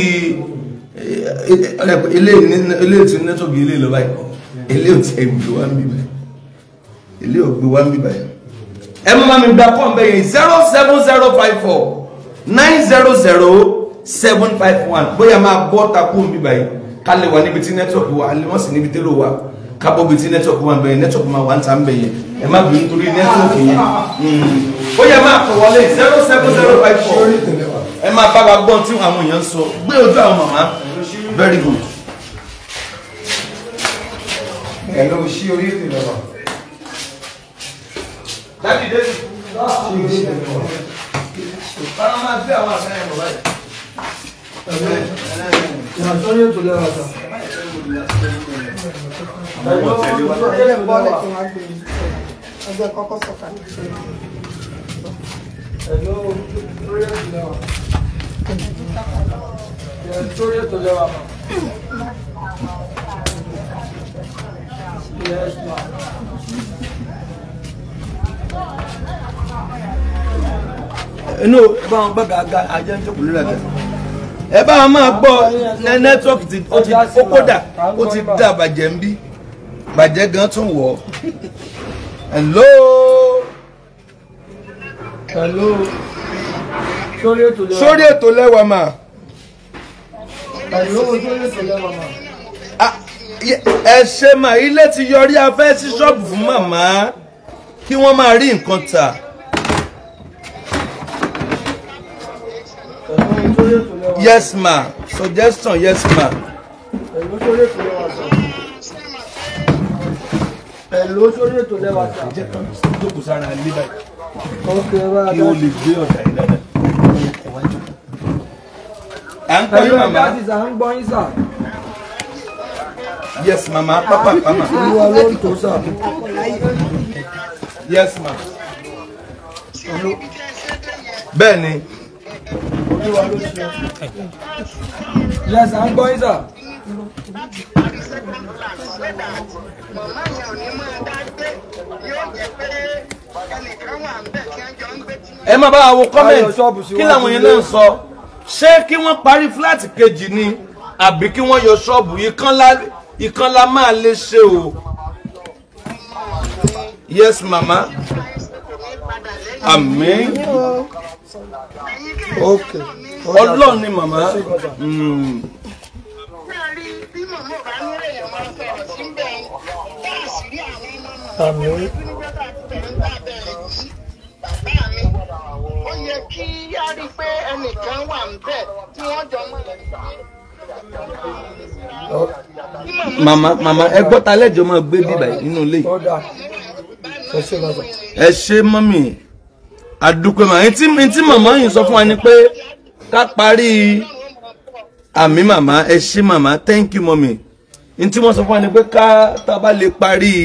eh, ilé ìtú nẹ́tíwọ́ọ̀kì ilé ìlú báyìí ilé òtí ẹgbẹ́ wa ń bì báyìí ilé ògbé wa ń bì báyìí ẹ máa mi gba kọ́ ǹbẹ zero seven zero five four nine zero zero seven five one bóyá máa bọ́ takú ń bì báyìí ká lè wà níbi tí nẹ́tíwọ́ọ̀kì wà á lè wọ́n sì níbi tẹ́lẹ̀ wà kábọ̀ bìtì network máa bẹ̀yẹn network máa wà ń ta ń bẹ̀yẹn ẹ má bìí nítorí network yẹn hmm. ó yẹ máa kọ̀ zero seven zero five four ẹ máa bá wa gbọ́n tí àwọn èèyàn ń sọ gbé ojú àwọn màmá very good. ẹ ló ṣí orí ètò ìlọ́wọ́. dájú dé ṣí orí ètò ìlọ́wọ́. báwo máa gbé àwọn àfẹ́ ẹ̀ bọ̀ báyìí. ẹ̀rọ ìyàtọ̀ ní ètò ìlọ́wọ́ sọ àwọn tẹ̀lé wa. ìdílé ń bọ́lẹ̀ tí wọ́n á gbé ẹgbẹ́ kọ́kọ́ sọ̀kà. ẹ̀lọ́ tóyẹ̀ tó lẹ́wà. tóyẹ̀ tó lẹ́wà. Yes, ma. inú bá wọn bàbá aga ajẹ́ ń jókòó lórí ẹ̀bẹ̀ ẹ bá wọn máa gbọ́ nẹ́tíwọ́ọ̀kì ó ti kókó dà ó ti dà bàjẹ́ ń bí bàjẹ́ gan tún wọ̀ hello hello sórí ètò lẹ́wà sórí ètò lẹ́wà mà hello sórí ètò lẹ́wà mà. ẹ ṣe mà ilé ti yọrí afẹ́ sí ṣọ́ọ̀bù fún màmá kí wọ́n máa rí nǹkan tà. yes ma suggestion yes ma. hello sórí ètò lẹ́wà sọ pẹ̀lú sórí ètò lẹ́wà ta. ìjẹ́ kan jókòó sára ilé báyìí. ok wá a dá. kí o lè gbé ọ̀dà yìí dáadáa. à ń kọ́ yín màmá. ẹ̀rọ yes màmá pápá ah, pàmà. yes ma. bẹ́ẹ̀ yes à ń gbọ́ láti parí second class pẹ́ẹ́dà màmá yẹn ò ní máa dá gbé yóò jẹ́ pé ẹnìkan wà ń bẹ̀ kí ẹjọ́ ẹ má bá wo comment kí làwọn yẹn náà sọ ṣé kí wọ́n parí fúláàtì kejì ni àbí kí wọ́n yọ ṣọ́ọ̀bù ìkan la máa lè ṣe o. yes mama àmín ok ọlọ́run ni hmm. àmì ó. bàbá ó yẹ kí á rí i pé ẹnìkan wà ń bẹ̀ tí wọ́n jọ mọ̀ màmá màmá ẹ gbọ́ ta lẹ́jọ́ máa gbé bíbà nínú ilé ẹ ṣe mọ́mì àdúpẹ́ màá ní tí màmá yìí sọ fún wa ni pé ká parí àmì màmá ẹ ṣe màmá thank you mọ́mì ní tí wọ́n sọ fún wa ni pé ká tá a bá lè parí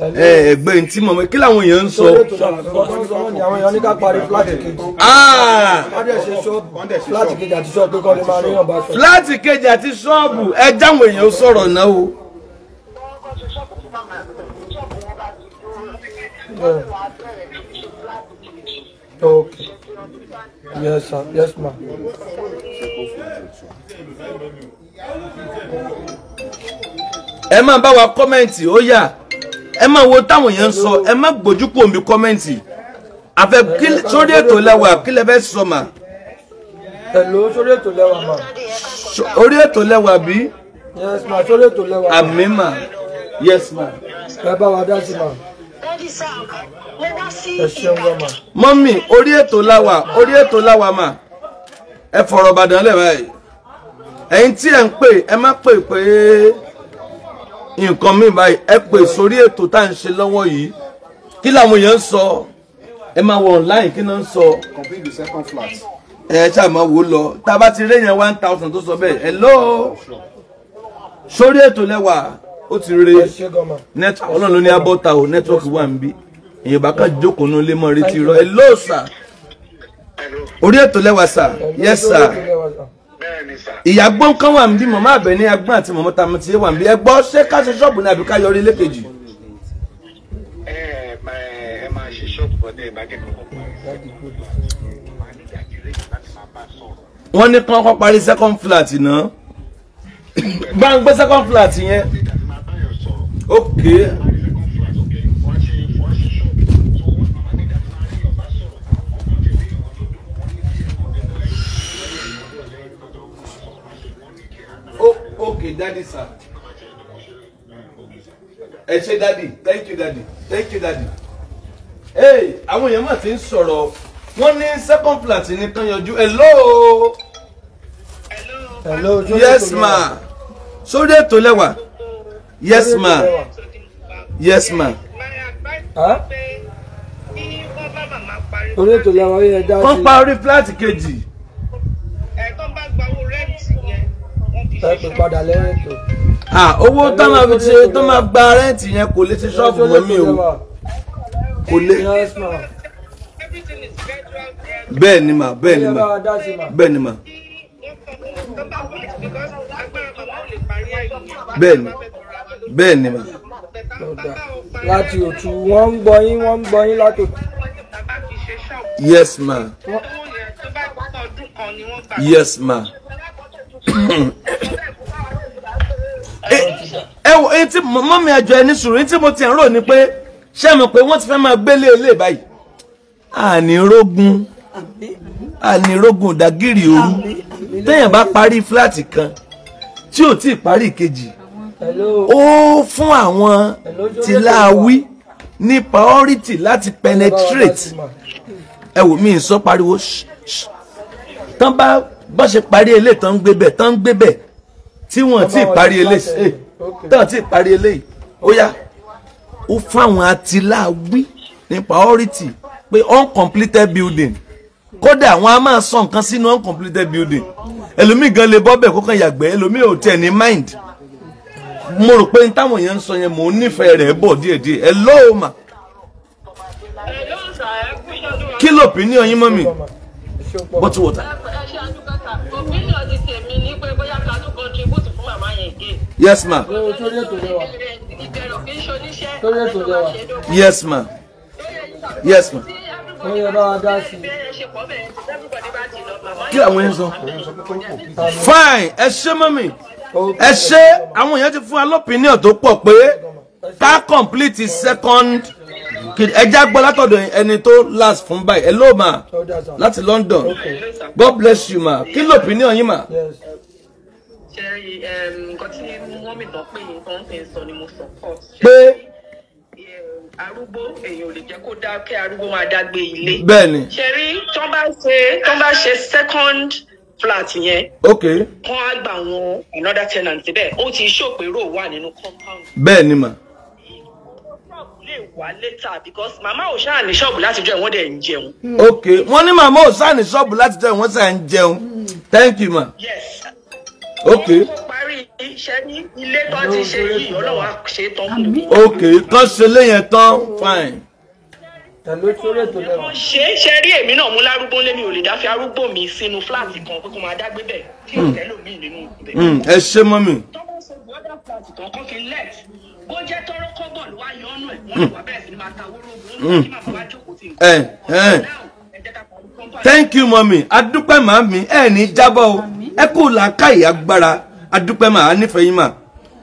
ẹgbẹ́ ntí mọ̀mọ́ kí làwọn èèyàn ń sọ. àwọn èèyàn ní ká parí fúláàtì kejì. Ah! fúláàtì kejì àti ṣọ́ọ̀bù kọ́ ni máa ní èèyàn sọ̀rọ̀ náà o. Okay. Yes, sir. Yes, ma'am. ẹ máa bá wa kọ́mẹ̀ntì ó yá ẹ máa wo táwọn èèyàn ń sọ ẹ má gbójú kúrò mi kọ́mẹ́ǹtì àfẹ sórí ètò lẹwà kí lẹ fẹ́ sọ mà. hello sórí ètò lẹwà mà. orí ètò lẹwà bí. yes ma sórí ètò lẹwà. àmì mà yes ma. ẹ bá wa dá sí ma. ẹ ṣeun wa ma. mọ́mì orí ètò làwà orí ètò làwà mà ẹ fọ̀rọ̀ Ìbàdàn lẹ́wà yìí ẹ̀yin tí ẹ̀ ń pè ẹ má pè pé nǹkan míì báyìí ẹ pè sórí ètò tá à ń ṣe lọ́wọ́ yìí kí làwọn èèyàn ń sọ ẹ máa wọ online kí náà ń sọ. complete the second flat. ẹ ṣáà máa wò ó lọ tá a bá ti réyàn one thousand tó sọ bẹ́ẹ̀ hello sórí ètò lẹ́wà ó ti re network ọlọ́run ló ní abọ́ta o network wà ń bí èèyàn bá kàn jókòó ní ilé mọ́ retí rọ hello sir orí ètò lẹ́wà sir yes sir ìyàgbọ́n kan wà níbi mọ̀mọ́ àbẹ̀ ní ẹgbọ́n àti mọ̀mọ́ tamọ́ ti wà níbi ẹgbọ́ ṣé ká ṣe ṣọ́ọ̀bù ní àbíká yọrí lẹ́kẹ̀jì. wọ́n ní kí kọ́ parí second flat náà gbàǹgbẹ́ second flat yẹn. okay. okay daddy sir ẹ ṣe daddy thank you daddy thank you daddy hey àwọn èèyàn mà ti ń sọ̀rọ̀ wọ́n ní second flat nìkan yọjú hello hello yes ma sórí ètò lẹ́wà yes ma yes ma. orí ètò lẹ́wà yẹn dá sí. wọ́n parí fúláàtì padà ah, lẹ́yìn tó. owó tó máa fi ṣe tó máa gba rẹ́ǹtì yẹn kò lè ṣe ṣọ́ọ̀bù mọ́ mi o kò lè. bẹ́ẹ̀ ni mà bẹ́ẹ̀ ni mà bẹ́ẹ̀ ni mà. bẹ́ẹ̀ ni bẹ́ẹ̀ ni mà. láti òtù wọ́n ń gbọ́ yín wọ́n ń gbọ́ yín láti òtù. yes ma. yes ma ẹ wo etí mọ́mí àjọ ẹni sùúrù etí mo ti rò ní pé ṣé mo pé wọ́n ti fẹ́ máa gbélé ilé báyìí ànírógun ànírógun ìdágìrì ooru téèyàn bá parí fúláàtì kan tí ò tí ì parí ìkejì ó fún àwọn tìláàwí ní priority láti penetrate ẹ wò mí sọ pariwo tán bá bọ́n ṣe parí eléyìí tán ń gbé bẹ̀ tán ń gbé bẹ̀ tí wọ́n ti parí eléyìí tán eh, ti parí eléyìí ó yá ó fáwọn atiláwí ní priority pé uncompleted building kódà àwọn a máa sọ nǹkan sínú uncompleted building ẹlòmíì gan lè bọ́ bẹ̀ kó kàn yàgbẹ́ ẹlòmíì ò tẹ̀ ní mind mo rò pé n táwọn yẹn ń sọ yẹn mò ń nífẹ̀ẹ́ rẹ̀ bọ̀ díẹ̀díẹ̀ ẹ lọ́ọ́ mà kí lópinion yín mọ́ mi bottle water opinion ti tèmi ni pé bóyá ká tún contribute fún màmá yẹn gé. yes ma. Oh, torí ètò rẹ wa. ìbẹ̀rù kì í ṣoníṣẹ́. torí ètò rẹ wa. yes ma. yes ma. oye bá wa dá sí i. kí àwọn yẹn sọ. fine ẹ ṣe mọ́mì ẹ ṣe àwọn yẹn ti fún wa tó pọ̀ pé ká complete second ẹjẹ́ agbọ́ látọ̀dọ̀ ẹni tó last fún báyìí hello ma láti London God bless you ma kí ló opinion yín ma. ṣe nǹkan tí wọ́n mi tán pé nǹkan ti ń sọ ni mo support. pé arúgbó èèyàn ò lè jẹ́ kó dá kí arúgbó máa dágbé ilé. bẹ́ẹ̀ni. ṣe rí tán bá ṣe tán bá ṣe second flat yẹn. ok. wọ́n á gbà wọn another tenant bẹ́ẹ̀ ó ti ṣòpérò wà nínú compound. bẹ́ẹ̀ ni mà wá later because màmá ò ṣáà ní ṣọ́ọ̀bù látijọ́ ìwọ́n dẹ̀ ń jẹun. ok wọ́n ní màmá ò ṣáà ní ṣọ́ọ̀bù látijọ́ ìwọ́n ṣáà ń jẹun thank you ma. yes. ok. ó parí iṣẹ́ ní ilé tó ti ṣe yìí ọlọ́wà ṣe tán fún mi. ok kan ṣe léyìn tán fine. tẹ̀lé tó rẹ̀ tó lẹ́wọ̀. ṣé ṣe rí èmi náà mú lárúgbó lé mi ò lè dáfẹ́ arúgbó mi sínú fúláàtì kan pé kó máa dá gbé bẹ̀ tí hmm. ò tẹ́lómi nínú Hmm. ẹ ṣe mọ́ mi. tọ́wọ́ sọ bọ́dà fúláàtì kan kọ́ fi lẹ́ẹ̀tì bó jẹ́ tọrọ kọ́bọ̀ ló wá yọ ọ́nù ẹ̀ wọ́n lè wá bẹ́ẹ̀ sí ni máa ta owó lóògùn ó kí màmá wá jókòó sí nǹkan eh, eh. thank you mọ́mí adúpẹ́ màá mi ẹ̀ ní jábọ̀ o ẹ kò làákàyè agbára adúpẹ́ màá nífẹ̀ẹ́ yín mà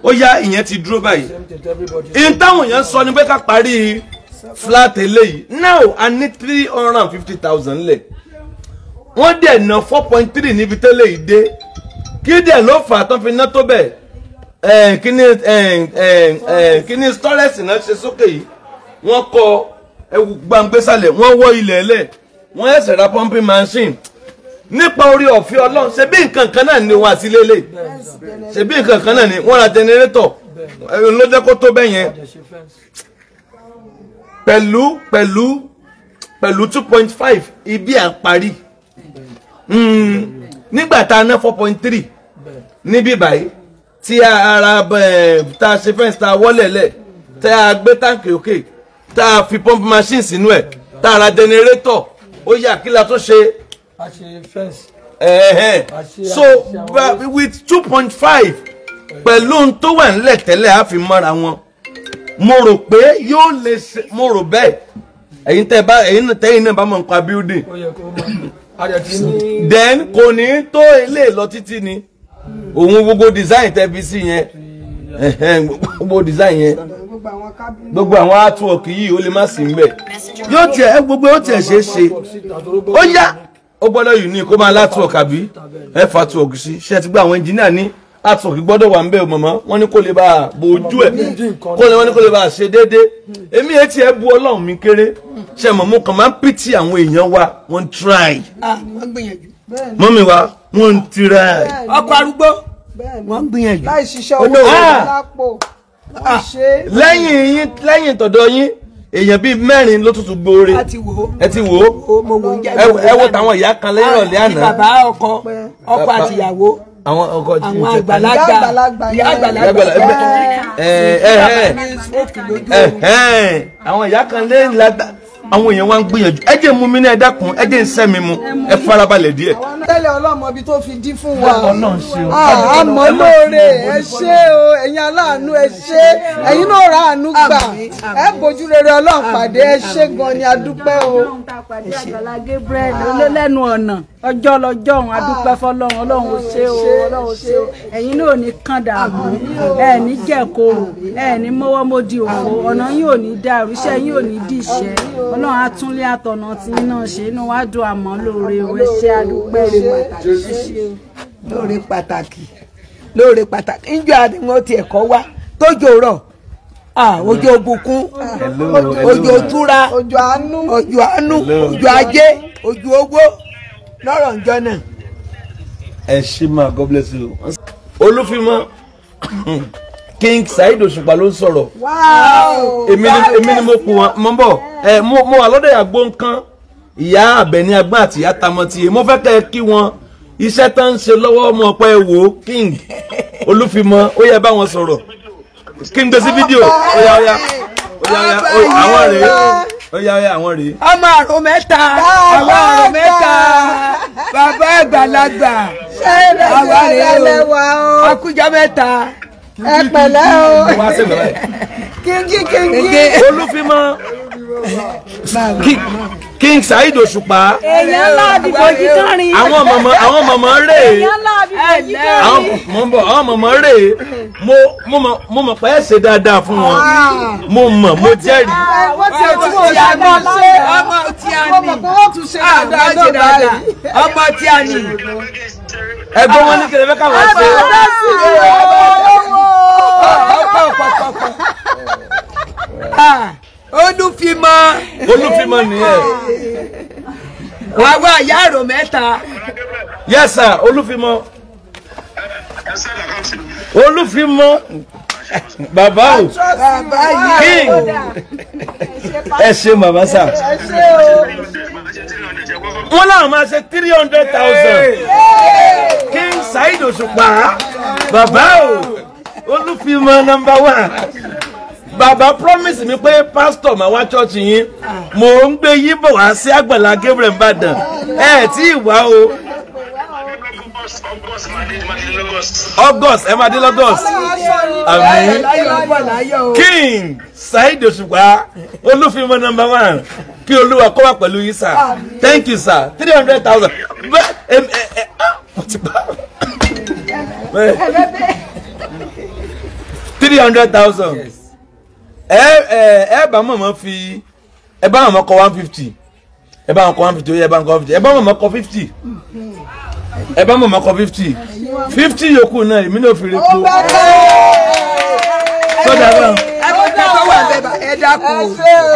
ó yá ìyẹn ti dúró báyìí ìyẹn táwọn èèyàn sọ ni pé ká parí flat eléyìí now i need three hundred and fifty thousand lẹ̀ wọ́n dẹ̀ ná four point three níbi tẹ́lẹ̀ yìí dé kí dẹ̀ ló fà á tán fi ná tó bẹ́ẹ̀ kíní kíní stọ́rẹ́sì náà ṣe sókè yìí wọ́n kọ ẹwù gbangbésàlẹ̀ wọ́n wọ́ ilẹ̀ ẹlẹ̀ wọ́n ẹ̀sẹ̀ ra pumping machine nípa orí ọ̀fẹ́ ọlọ́run ṣe bí nǹkan kan náà ni wọ́n àti lélẹ̀ ṣe bí nǹkan kan náà ni wọ́n ra jẹnẹrétọ̀ eh, ló jẹ́ kó tó bẹ́yẹn pẹ̀lú pẹ̀lú pẹ̀lú two point five ibi à ń parí hmm, nígbà tá a ná four point three níbí báyìí tí ara tá a ṣe fẹ́ǹsì tá a wọ́lẹ̀ lẹ̀ tá a gbé táǹkì òkè tá a fi pọ́ǹpù machine sínú ẹ̀ tá a ra jẹnẹrétọ̀ ó yà kí la tó ṣe. a ṣe fẹ́ǹsì. ẹ̀ẹ́n so with two point five pẹ̀lú ohun tó wà ńlẹ̀ tẹ́lẹ̀ á fi mọ́ra wọn mo rò pé yóò lè ṣe mo rò bẹ́ẹ̀ ẹ̀yin tẹ́ bá ẹ̀yin tẹ́yin náà bá mọ̀ nípa building then kò ní tó ilé lọ títí ni òun gbogbo design tẹ́bi sí yẹn gbogbo design yẹn gbogbo àwọn artwork yìí ó lè má sí nbẹ yóò tiẹ̀ gbogbo ó tiẹ̀ ṣeé ṣe ó yá ó gbọ́dọ̀ unique kó máa látwork àbí ẹ fa artwork sí ṣe ti gba àwọn engineer ní artwork gbọ́dọ̀ wà nbẹ mọ̀mọ́ wọ́n ni kó lè bá a bójú ẹ̀ kó lè wọ́n ní kó lè bá a ṣe déédéé èmi ẹ tiẹ̀ bu ọlọ́run mi kéré ṣe mọ̀ mo kàn máa ń pìtì àwọn èèyàn wa wọ́n try. ah wọ́n gbìyànjú mọ́mí wa wọ́n ń tira ẹ̀. ọkọ̀ arúgbó wọ́n ń gbìyànjú. láì ṣiṣẹ́ owó lápò ah! wọ́n ah! ṣe. lẹ́yìn yín lẹ́yìn tọ̀dọ̀ yín èèyàn bíi mẹ́rin ló tutù gbóore ẹ ti wò ó ẹ wo táwọn ìyá kan lẹ́yìn ah! ọ̀lẹ́ àná. bàbá ọkọ ọkọ àtìyàwó àwọn ọkọ àwọn àgbàlagbà ìyá àgbàlagbà ẹ ẹ ẹ ẹ àwọn ìyá kan lẹ́yìn látà àwọn èèyàn wa ń gbìyànjú ẹ jẹ́ mú mi náà ẹ dákun ẹ jẹ́ ń sẹ́ mi mu ẹ farabalẹ̀ díẹ̀ tẹ́lẹ̀ ọlọ́mọ ibi tó fi dín fún wa ah, àmọ́ lóore ẹ ṣé o ẹ̀yin aláàánú ẹ ṣé ẹ̀yin náà ra àánú gbà ẹ bójú rere ọlọ́run pàdé ẹ ṣé gan ni adúpẹ́ ah. o. lẹ́nu ọ̀nà ọjọ́ lọ́jọ́ òun adúpẹ́ ah. fọlọ́run ọlọ́run ó ṣé o ọlọ́run ó ṣé o ẹ̀yin náà ní kàn dààmú ẹ̀ ní jẹ̀kọ̀rọ̀ ẹ̀ ní mọ́wọ́ mọ́di òfo ọ̀nà yín ò ní dàrú iṣẹ́ yín ò ní dì iṣẹ́ ọlọ́run á túnlé àtọ̀nà tí náà ṣe inú wa dùn àmọ́ lóore o ẹ ṣé adúpẹ́ o lóore pàtàkì lóore pàtàkì ìjọ àdìmọ́ ti ẹ̀kọ́ wa tójó rọ̀ ojú òbùkún ojú òtúra ojú àánú ojú ajé ojú owó lọ́rọ̀ ǹjọ́ náà. ẹ ṣí ma god bless you. olúfimọ́ king saheed òṣùpá ló ń sọ̀rọ̀ èmi ni mo pò wọ́n mọ́ bọ̀ mo wà lọ́dọ̀ yàgbó nǹkan ìyá àbẹ̀ní agbọ́n àti ìyá tamọ́tì mo fẹ́ kẹ́ kí wọn iṣẹ́ tó ń ṣe lọ́wọ́ ọmọ ọ̀pẹ́ wò ó king olúfimọ ó yẹ bá sọ̀rọ̀ kí n gbé sí fídíò ó yá ó yá àwọn rèé ó yá àwọn rèé. ọmọ àrò mẹ́ta àwọn àrò mẹ́ta bàbá àgbàlagbà àwa rèé o akújọ mẹ́ta ẹ pẹ̀lẹ́ o kíngí kíngí olúfimọ king saheed òṣùpá. èèyàn ńlá àdìgbòjì kánrin. àwọn mọ̀mọ́ àwọn mọ̀mọ́ rè é. èèyàn ńlá àdìgbòjì kánrin. àwọn mọ̀mọ́ rè Mo, mo mọ̀ pé ẹ ṣe dáadáa fún wọn mo mọ̀ mo jẹ́rìí. wọ́n ti ọtí mo ṣe àná ṣe ọmọ tí a ní ọmọ tí a ní. ẹ̀gbọ́n wọn ní kẹlẹ́fẹ́ káwọn ṣe. olúfimọ nìyẹn. wàá wá yàrá mẹ́ta. yes sir olúfimọ. olúfimọ bàbá o king ẹ ṣe bàbá sà. wọ́n láwọn máa ṣe three hundred thousand king saheed òṣùpá bàbá o olúfimọ number one bàbá promise mi pé pastor máa wá ṣọ́ọ̀ṣì yín mò ń gbé yín bọ̀ wá sí àgbàlá Gabriel Ìbàdàn ẹ tí ì wá o. August ẹ máa dé Lagos àmín King Saheed Òṣùpá olúfinmọ number one kí olúwa kó wà pẹ̀lú yín sir thank you sir three hundred thousand bẹ́ẹ̀ ẹ ẹ mo ti bá three hundred thousand. ẹ ẹ ẹ mọ̀mọ́ fi ẹ mọ̀mọ́ kọ one fifty ẹ mọ̀mọ́ kọ one fifty mọ̀mọ́ kọ fifty mọ̀mọ́ kọ fifty mọ̀mọ́ kọ fifty fifty yòókù náà èmi náà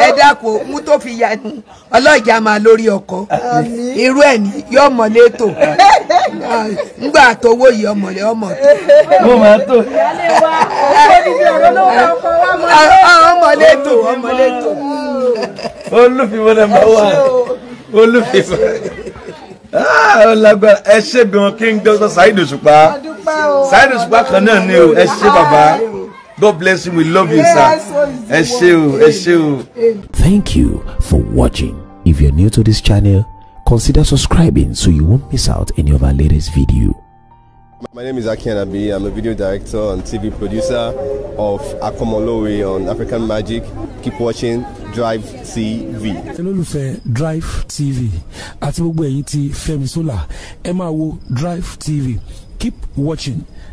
ẹ ẹ fi yanu ọlọ́ọ̀jà máa lórí ọkọ irú ẹ̀ ngbà tówó yìí ọmọ rẹ ọmọ tó. mo máa tó. Ah, ọmọ lè tó ọmọ lè tó. olùfìmọ̀ náà máa wà olùfìmọ̀ ah, ó ẹ ṣe bí wọn King Dr. Saheed Òṣùpá Saheed Òṣùpá kan náà ni o ẹ ṣe bàbá God bless you we love you sir ẹ ṣe o ẹ ṣe o. Thank you for watching. If you're new to this channel consider subscribing so you won't miss out any of our latest video. My name is Aki Anabi. I'm a video director and TV producer of Akomolowe on African Magic. Keep watching Drive TV. olólùfẹ́ Drive TV àti gbogbo ẹ̀yin femisola. Fẹ́mi Sola Drive TV keep watching.